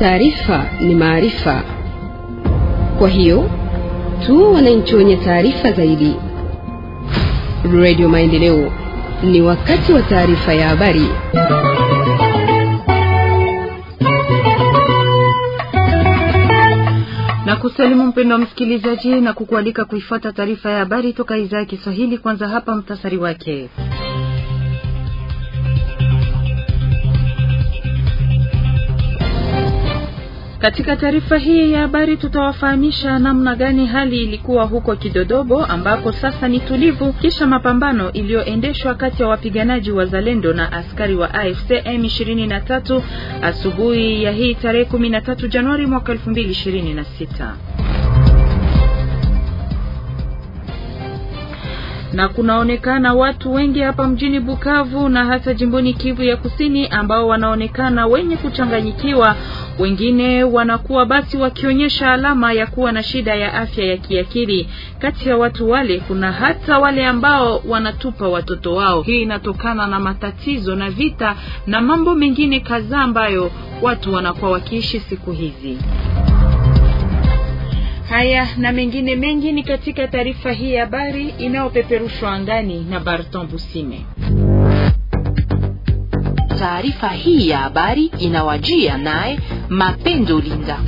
Taarifa ni maarifa, kwa hiyo tu wananchi wenye taarifa zaidi. Radio Maendeleo, ni wakati wa taarifa ya habari. na kusalimu mpendo wa msikilizaji na kukualika kuifata taarifa ya habari toka idhaa ya Kiswahili. Kwanza hapa mtasari wake Katika taarifa hii ya habari tutawafahamisha namna gani hali ilikuwa huko Kidodobo ambako sasa ni tulivu kisha mapambano iliyoendeshwa kati ya wapiganaji wa Zalendo na askari wa AFC M23 asubuhi ya hii tarehe 13 Januari mwaka 2026. na kunaonekana watu wengi hapa mjini Bukavu na hasa jimboni Kivu ya Kusini ambao wanaonekana wenye kuchanganyikiwa. Wengine wanakuwa basi wakionyesha alama ya kuwa na shida ya afya ya kiakili. Kati ya watu wale kuna hata wale ambao wanatupa watoto wao. Hii inatokana na matatizo na vita na mambo mengine kadhaa ambayo watu wanakuwa wakiishi siku hizi. Haya na mengine mengi ni katika taarifa hii ya habari inayopeperushwa angani na Barton Busime. Taarifa hii ya habari inawajia naye Mapendo Linda.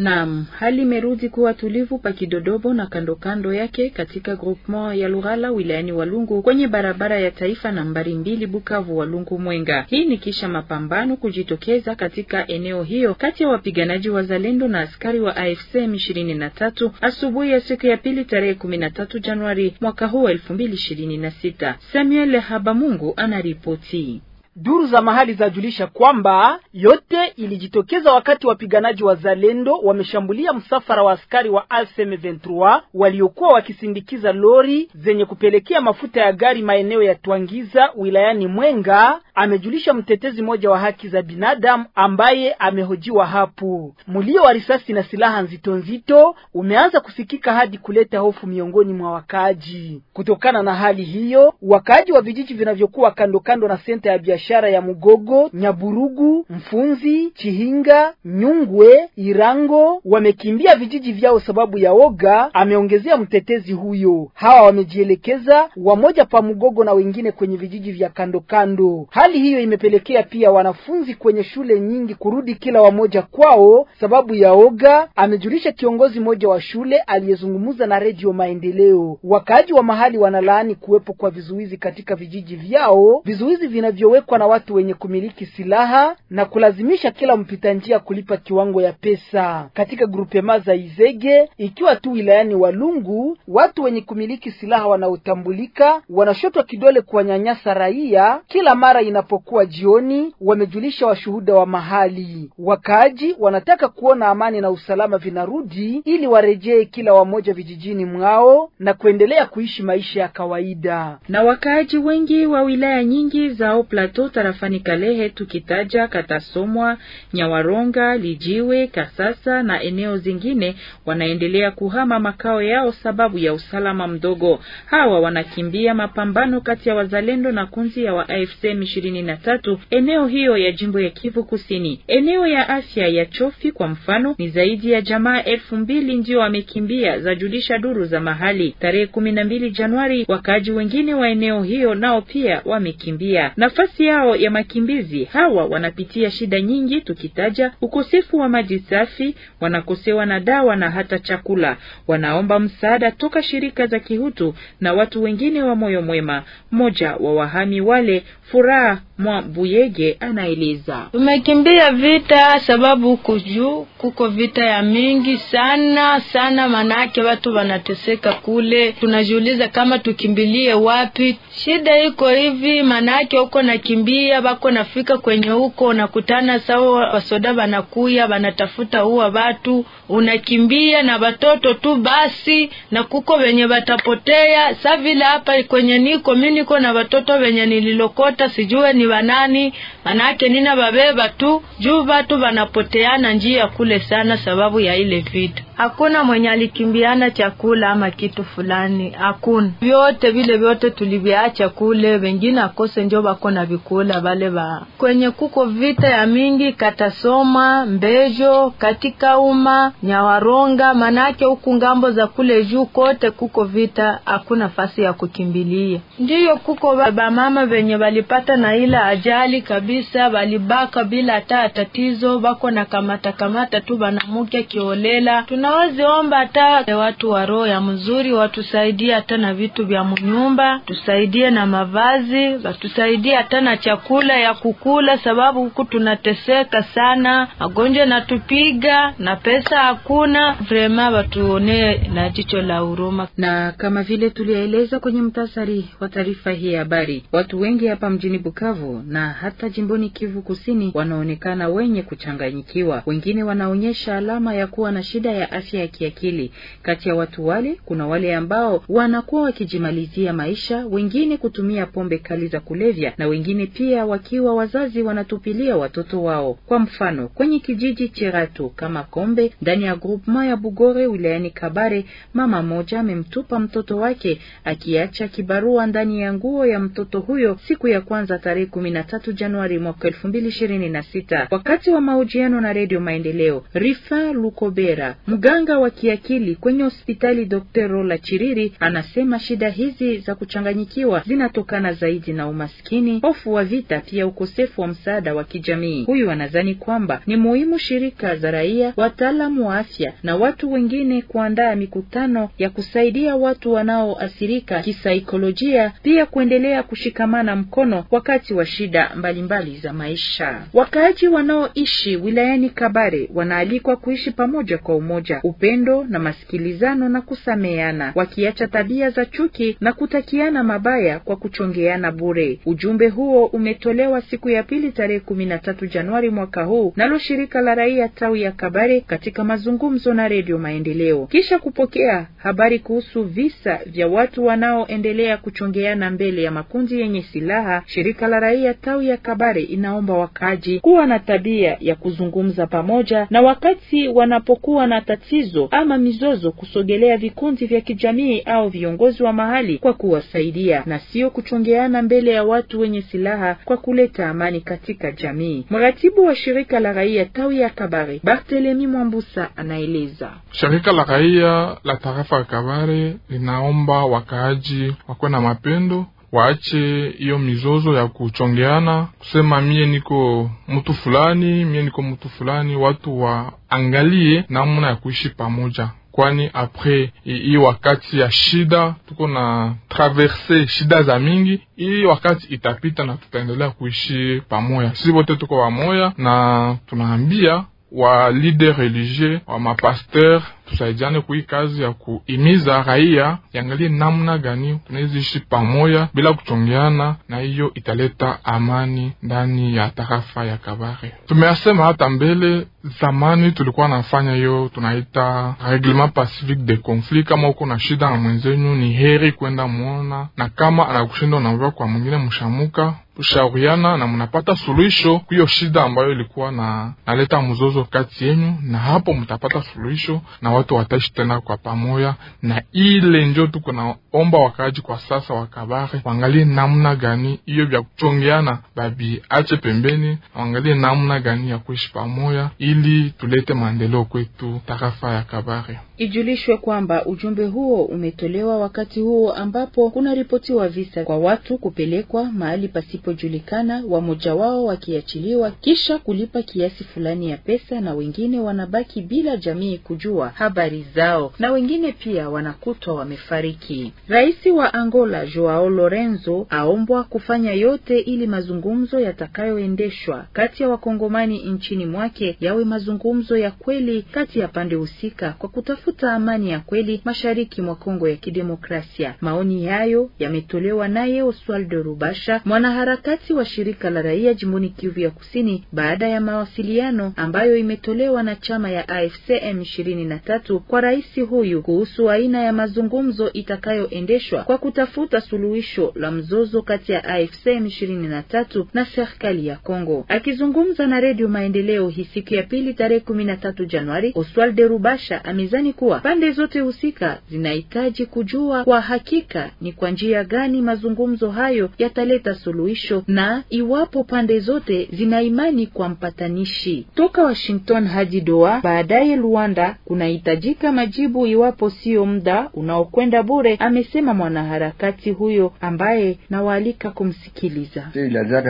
Naam, hali imerudi kuwa tulivu pa Kidodobo na kando kando yake katika groupement ya Lughala wilayani Walungu kwenye barabara ya taifa nambari mbili Bukavu Walungu Mwenga. Hii ni kisha mapambano kujitokeza katika eneo hiyo kati ya wapiganaji wa Zalendo na askari wa AFC M23 asubuhi ya siku ya pili tarehe 13 Januari mwaka huu 2026. Samuel Habamungu anaripoti. Duru za mahali zajulisha kwamba yote ilijitokeza wakati wapiganaji wa Zalendo wameshambulia msafara wa askari wa AFM 23 waliokuwa wakisindikiza lori zenye kupelekea mafuta ya gari maeneo ya Twangiza wilayani Mwenga, amejulisha mtetezi mmoja wa haki za binadamu ambaye amehojiwa hapo. Mlio wa risasi na silaha nzito nzito umeanza kusikika hadi kuleta hofu miongoni mwa wakaaji. Kutokana na hali hiyo, wakaaji wa vijiji vinavyokuwa kando kando na senta ya biashara biashara ya Mugogo, Nyaburugu, Mfunzi, Chihinga, Nyungwe, Irango wamekimbia vijiji vyao sababu ya oga, ameongezea mtetezi huyo. Hawa wamejielekeza wamoja pa Mugogo na wengine kwenye vijiji vya kando kando. Hali hiyo imepelekea pia wanafunzi kwenye shule nyingi kurudi kila wamoja kwao sababu ya oga, amejulisha kiongozi mmoja wa shule aliyezungumza na Redio Maendeleo. Wakaaji wa mahali wanalaani kuwepo kwa vizuizi katika vijiji vyao, vizuizi vinavyowekwa kushikwa na watu wenye kumiliki silaha na kulazimisha kila mpita njia kulipa kiwango ya pesa. Katika grupema za Izege, ikiwa tu wilayani Walungu, watu wenye kumiliki silaha wanaotambulika wanashotwa kidole kuwanyanyasa raia kila mara inapokuwa jioni, wamejulisha washuhuda wa mahali. Wakaaji wanataka kuona amani na usalama vinarudi ili warejee kila wamoja vijijini mwao na kuendelea kuishi maisha ya kawaida. Na wakaaji wengi wa wilaya nyingi za Oplato watoto tarafani Kalehe, tukitaja Katasomwa, Nyawaronga, Lijiwe, Kasasa na eneo zingine, wanaendelea kuhama makao yao sababu ya usalama mdogo. Hawa wanakimbia mapambano kati ya wazalendo na kunzi ya wa AFC M23 eneo hiyo ya jimbo ya Kivu Kusini. Eneo ya afya ya Chofi kwa mfano ni zaidi ya jamaa elfu mbili ndio wamekimbia, za julisha duru za mahali. Tarehe kumi na mbili Januari, wakaaji wengine wa eneo hiyo nao pia wamekimbia nafasi yao ya makimbizi hawa wanapitia shida nyingi, tukitaja ukosefu wa maji safi, wanakosewa na dawa na hata chakula. Wanaomba msaada toka shirika za kihutu na watu wengine wa moyo mwema. Mmoja wa wahami wale Furaha mwa Buyege anaeleza. Tumekimbia vita sababu juu kuko vita ya mingi sana sana, manake watu wanateseka kule. Tunajiuliza kama tukimbilie wapi? Shida iko hivi, manake huko nakimbia bako nafika kwenye huko nakutana sawa wasoda wanakuya wanatafuta huwa watu, unakimbia na watoto tu basi, na kuko wenye watapotea. Sa vile hapa kwenye niko mi niko na watoto wenye nililokota sijue ni banani, manake nina babeba tu juu batu banapoteana njia kule sana sababu ya ile vitu. Hakuna mwenye alikimbiana chakula ama kitu fulani, hakuna. Vyote vile vyote tuliviacha kule, wengine akose ndio bako na vikula vale ba kwenye kuko vita ya mingi katasoma mbejo katika uma nyawaronga, manake huku ngambo za kule juu kote kuko vita, hakuna fasi ya kukimbilia. Ndiyo kuko bamama venye walipata na ila ajali kabisa, walibaka bila hata tatizo, bako na kamata kamata tu banamuke kiolela tuna tunawezi omba hata watu wa roho ya mzuri watusaidie hata na vitu vya mnyumba, tusaidie na mavazi, watusaidie hata na chakula ya kukula, sababu huku tunateseka sana, magonjwa natupiga na pesa hakuna. Vrema watuonee na jicho la huruma. Na kama vile tulieleza kwenye mtasari wa taarifa hii ya habari, watu wengi hapa mjini Bukavu na hata jimboni Kivu Kusini wanaonekana wenye kuchanganyikiwa, wengine wanaonyesha alama ya kuwa na shida ya afya ya kiakili. Kati ya watu wale kuna wale ambao wanakuwa wakijimalizia maisha, wengine kutumia pombe kali za kulevya, na wengine pia wakiwa wazazi wanatupilia watoto wao. Kwa mfano, kwenye kijiji Chiratu kama Kombe ndani ya groupement ya Bugore wilayani Kabare, mama moja amemtupa mtoto wake akiacha kibarua ndani ya nguo ya mtoto huyo siku ya kwanza tarehe kumi na tatu Januari mwaka elfu mbili ishirini na sita wakati wa mahojiano na Redio Maendeleo Rifa Lukobera Mganga wa kiakili kwenye hospitali Dr. Rola Chiriri anasema shida hizi za kuchanganyikiwa zinatokana zaidi na umaskini, hofu wa vita, pia ukosefu wa msaada wa kijamii. Huyu anadhani kwamba ni muhimu shirika za raia, wataalamu wa afya na watu wengine kuandaa mikutano ya kusaidia watu wanaoathirika kisaikolojia, pia kuendelea kushikamana mkono wakati wa shida mbalimbali mbali za maisha. Wakaaji wanaoishi wilayani Kabare wanaalikwa kuishi pamoja kwa umoja umoja, upendo na masikilizano na kusameana, wakiacha tabia za chuki na kutakiana mabaya kwa kuchongeana bure. Ujumbe huo umetolewa siku ya pili tarehe kumi na tatu Januari mwaka huu nalo shirika la raia tawi ya Kabare katika mazungumzo na Redio Maendeleo kisha kupokea habari kuhusu visa vya watu wanaoendelea kuchongeana mbele ya makundi yenye silaha. Shirika la raia tawi ya Kabare inaomba wakaji kuwa na tabia ya kuzungumza pamoja na wakati wanapokuwa na matatizo ama mizozo kusogelea vikundi vya kijamii au viongozi wa mahali kwa kuwasaidia na sio kuchongeana mbele ya watu wenye silaha kwa kuleta amani katika jamii. Mratibu wa shirika la raia tawi ya Kabare Barthelemy Mwambusa anaeleza. Shirika la raia la tarafa ya Kabare linaomba wakaaji wakuwe na mapendo waache hiyo mizozo ya kuchongeana kusema mie niko mtu fulani, mie niko mtu fulani. Watu waangalie namna ya kuishi pamoja, kwani apres hii wakati ya shida tuko na traverse shida za mingi. Hii wakati itapita na tutaendelea kuishi pamoja, Sisi wote tuko wamoya na tunaambia wa leader religieux wa mapasteur tusaidiane kui kazi ya kuimiza raia yangalie namna gani tunaiziishi pamoja bila kuchongeana, na hiyo italeta amani ndani ya tarafa ya Kabare. Tumeasema hata mbele, zamani tulikuwa nafanya hiyo tunaita reglement pacifique de conflit. Kama uko na shida na mwenzenyu, ni heri kwenda mwona, na kama anakushinda unaambiwa kwa mwingine mshamuka kushauriana na mnapata suluhisho kuyo shida ambayo ilikuwa na naleta mzozo kati yenu, na hapo mtapata suluhisho na watu wataishi tena kwa pamoja. Na ile ndio tuko naomba wakaaji kwa sasa wa kabare waangalie namna gani hiyo vya kuchongeana babi ache pembeni, waangalie namna gani ya kuishi pamoja ili tulete maendeleo kwetu tarafa ya Kabare. Ijulishwe kwamba ujumbe huo umetolewa wakati huo ambapo kuna ripotiwa visa kwa watu kupelekwa mahali pasipo pasipojulikana, wamoja wao wakiachiliwa kisha kulipa kiasi fulani ya pesa, na wengine wanabaki bila jamii kujua habari zao, na wengine pia wanakutwa wamefariki. Rais wa Angola Joao Lorenzo aombwa kufanya yote ili mazungumzo yatakayoendeshwa kati ya wakongomani nchini mwake yawe mazungumzo ya kweli kati ya pande husika kwa kutafuta amani ya kweli mashariki mwa Kongo ya Kidemokrasia. Maoni hayo yametolewa naye Oswaldo Rubasha mwanaharakati mkakati wa shirika la raia jimboni Kivu ya Kusini baada ya mawasiliano ambayo imetolewa na chama ya AFC M23 kwa rais huyu kuhusu aina ya mazungumzo itakayoendeshwa kwa kutafuta suluhisho la mzozo kati ya AFC M23 na serikali ya Kongo. Akizungumza na Redio Maendeleo hii siku ya pili tarehe 13 Januari, Oswald de Rubasha amezani kuwa pande zote husika zinahitaji kujua kwa hakika ni kwa njia gani mazungumzo hayo yataleta suluhisho mwisho na iwapo pande zote zina imani kwa mpatanishi. Toka Washington hadi Doha, baadaye Luanda, kunahitajika majibu iwapo sio muda unaokwenda bure, amesema mwanaharakati huyo ambaye nawaalika kumsikiliza.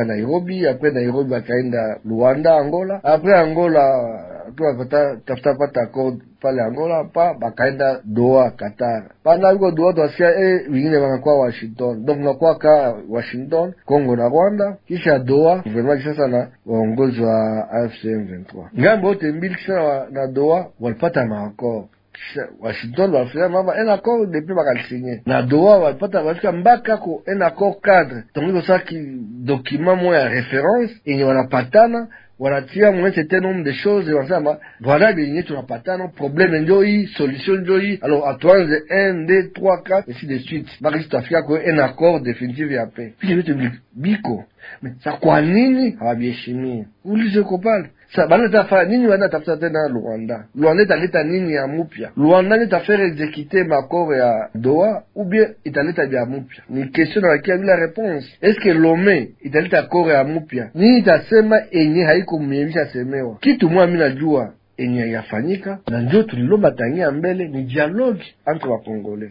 Nairobi, apre Nairobi akaenda Luanda, Angola, apre Angola tafuta pata accord pale Angola pa bakaenda Doha Qatar, panaviko Doha twasikia eh, e, wengine wanakuwa Washington, donc nakuwa ka Washington Congo na Rwanda, kisha Doha guvernema kisasa na waongozi wa AFC M23 ngambo yote mbili, kisha na Doha walipata maakor Washington walifanya mama un depuis bakalisinye eh, na Doha walipata walifika mpaka ko un cadre, donc iko document moya ya reference yenye wanapatana Voilà, wanatia mwenye tena mde shoze wanasema bwana binye tunapatana problem ndio hii solution ndio hii alo atuanze 1 2 3 4 et si de suite bakisi tafika kwa un accord definitive ya paix pili mtu biko mais ça quoi nini habieshimi ah, ulize kopale Bana tafanya nini? Wenda tafuta tena Luanda, Luanda italeta nini ya mupya? Luanda ni tafere exekite makoro ya Doha ubie italeta bya mupya? Ni question nawakia bila réponse. Eske Lome italeta koro ya mupya? Nini itasema enye haikumemisha semewa? Kitu mwami najua enye yafanyika, na njo tulilomba tangia mbele ni dialogue entre wakongole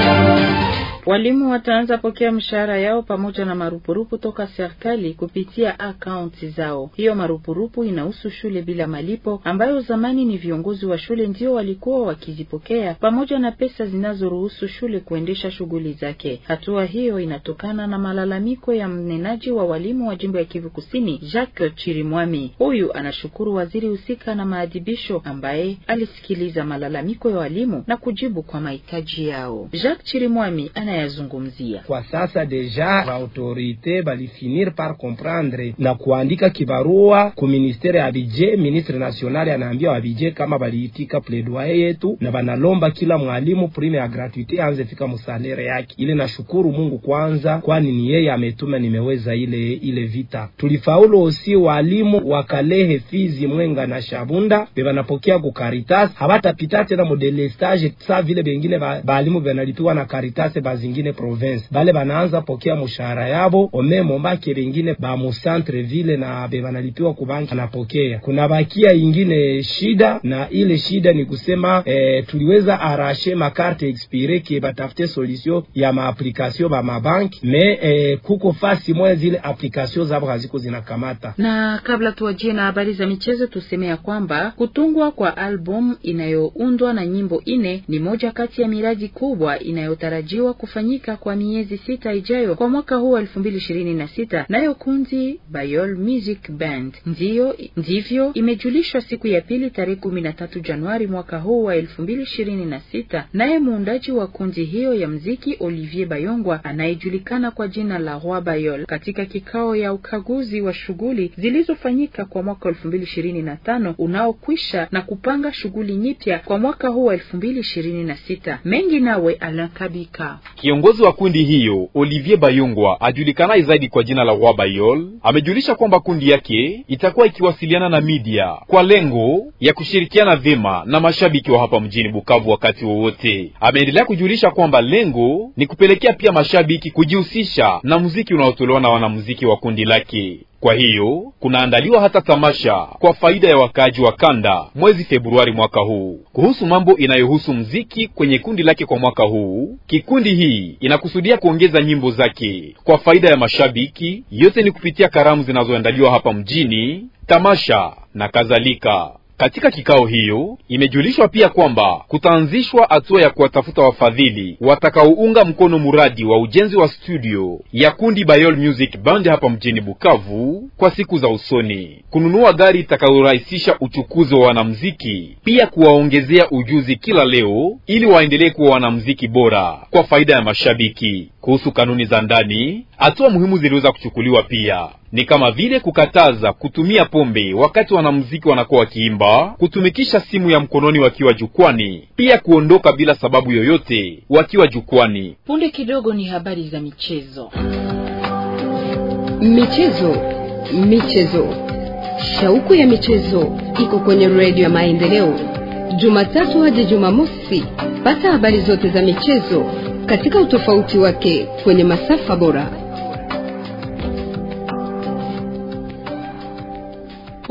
Walimu wataanza pokea mshahara yao pamoja na marupurupu toka serikali kupitia akaunti zao. Hiyo marupurupu inahusu shule bila malipo ambayo zamani ni viongozi wa shule ndio walikuwa wakizipokea pamoja na pesa zinazoruhusu shule kuendesha shughuli zake. Hatua hiyo inatokana na malalamiko ya mnenaji wa walimu wa jimbo ya Kivu Kusini, Jacques Chirimwami. Huyu anashukuru waziri husika na maadhibisho ambaye alisikiliza malalamiko ya walimu na kujibu kwa mahitaji yao. Jacques Chirimwami ana anayazungumzia kwa sasa. Deja baautorite balifinir par comprendre na kuandika kibarua ku ministere ya bije. Ministre national anaambia wabije kama baliitika pledoye yetu na banalomba kila mwalimu prime ya gratuite anze fika musalere yake. Ile nashukuru Mungu kwanza, kwani ni yeye ametuma nimeweza ile ile vita. Tulifaulu osi walimu wa Kalehe, Fizi, Mwenga na Shabunda bebanapokea ku Caritas, hawatapita tena modele stage sa vile bengine balimu benalipiwa banalipiwa na Caritas ba zingine province bale banaanza pokea mshahara yabo omemo bake bengine ba mu centre ville na be banalipiwa kubanki anapokea kuna bakia ingine shida, na ile shida ni kusema e, tuliweza arashe makarte expire ke batafute solution ya maaplikasio ba mabanki me e, eh, kuko fasi moya zile aplikasio zabo haziko zinakamata. Na kabla tuwajie na habari za michezo, tuseme ya kwamba kutungwa kwa album inayoundwa na nyimbo ine ni moja kati ya miradi kubwa inayotarajiwa kuf kufanyika kwa miezi sita ijayo kwa mwaka huu elfu mbili ishirini na sita. Nayo kundi Bayol Music Band ndiyo ndivyo imejulishwa siku ya pili tarehe kumi na tatu Januari mwaka huu wa elfu mbili ishirini na sita. Naye muundaji wa kundi hiyo ya mziki Olivier Bayongwa anayejulikana kwa jina la Roi Bayol katika kikao ya ukaguzi wa shughuli zilizofanyika kwa mwaka elfu mbili ishirini na tano unaokwisha na kupanga shughuli nyipya kwa mwaka huu wa elfu mbili ishirini na sita. Mengi nawe Alain Kabika. Kiongozi wa kundi hiyo Olivier Bayungwa ajulikanaye zaidi kwa jina la Wabayol amejulisha kwamba kundi yake itakuwa ikiwasiliana na media kwa lengo ya kushirikiana vyema na mashabiki wa hapa mjini Bukavu wakati wowote. Ameendelea kujulisha kwamba lengo ni kupelekea pia mashabiki kujihusisha na muziki unaotolewa na wanamuziki wa kundi lake. Kwa hiyo kunaandaliwa hata tamasha kwa faida ya wakaaji wa kanda mwezi Februari mwaka huu kuhusu mambo inayohusu mziki kwenye kundi lake kwa mwaka huu. Kikundi hii inakusudia kuongeza nyimbo zake kwa faida ya mashabiki, yote ni kupitia karamu zinazoandaliwa hapa mjini, tamasha na kadhalika. Katika kikao hiyo imejulishwa pia kwamba kutaanzishwa hatua ya kuwatafuta wafadhili watakaounga mkono muradi wa ujenzi wa studio ya kundi Bayol Music Band hapa mjini Bukavu kwa siku za usoni, kununua gari itakayorahisisha uchukuzi wa wanamuziki, pia kuwaongezea ujuzi kila leo ili waendelee kuwa wanamuziki bora kwa faida ya mashabiki. Kuhusu kanuni za ndani, hatua muhimu ziliweza kuchukuliwa pia ni kama vile kukataza kutumia pombe wakati wanamuziki wanakuwa wakiimba, kutumikisha simu ya mkononi wakiwa jukwani, pia kuondoka bila sababu yoyote wakiwa jukwani. Punde kidogo ni habari za michezo. Michezo, michezo, shauku ya michezo iko kwenye redio ya Maendeleo, Jumatatu hadi Jumamosi. Pata habari zote za michezo katika utofauti wake kwenye masafa bora.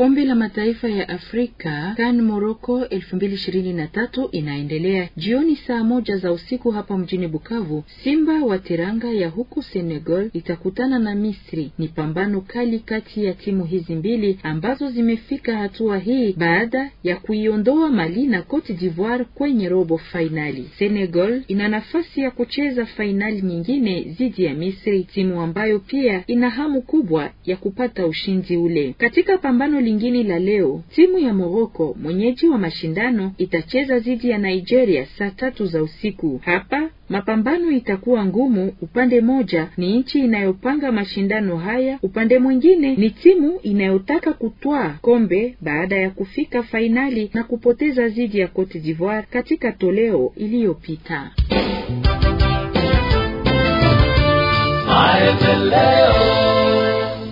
Kombe la mataifa ya Afrika CAN Morocco 2023 inaendelea jioni saa moja za usiku hapa mjini Bukavu. Simba wa Teranga ya huku Senegal itakutana na Misri. Ni pambano kali kati ya timu hizi mbili ambazo zimefika hatua hii baada ya kuiondoa Mali na Cote d'Ivoire kwenye robo fainali. Senegal ina nafasi ya kucheza fainali nyingine dhidi ya Misri, timu ambayo pia ina hamu kubwa ya kupata ushindi ule katika pambano lingine la leo, timu ya Moroko mwenyeji wa mashindano itacheza dhidi ya Nigeria saa tatu za usiku. Hapa mapambano itakuwa ngumu. Upande moja ni nchi inayopanga mashindano haya, upande mwingine ni timu inayotaka kutwaa kombe baada ya kufika fainali na kupoteza dhidi ya Cote d'Ivoire katika toleo iliyopita.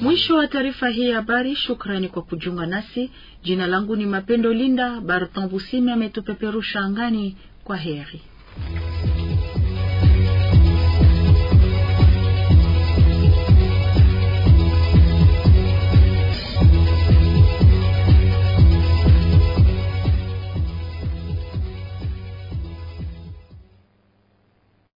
Mwisho wa taarifa hii habari. Shukrani kwa kujiunga nasi. Jina langu ni Mapendo Linda. Barton Busime ametupeperusha angani. Kwa heri.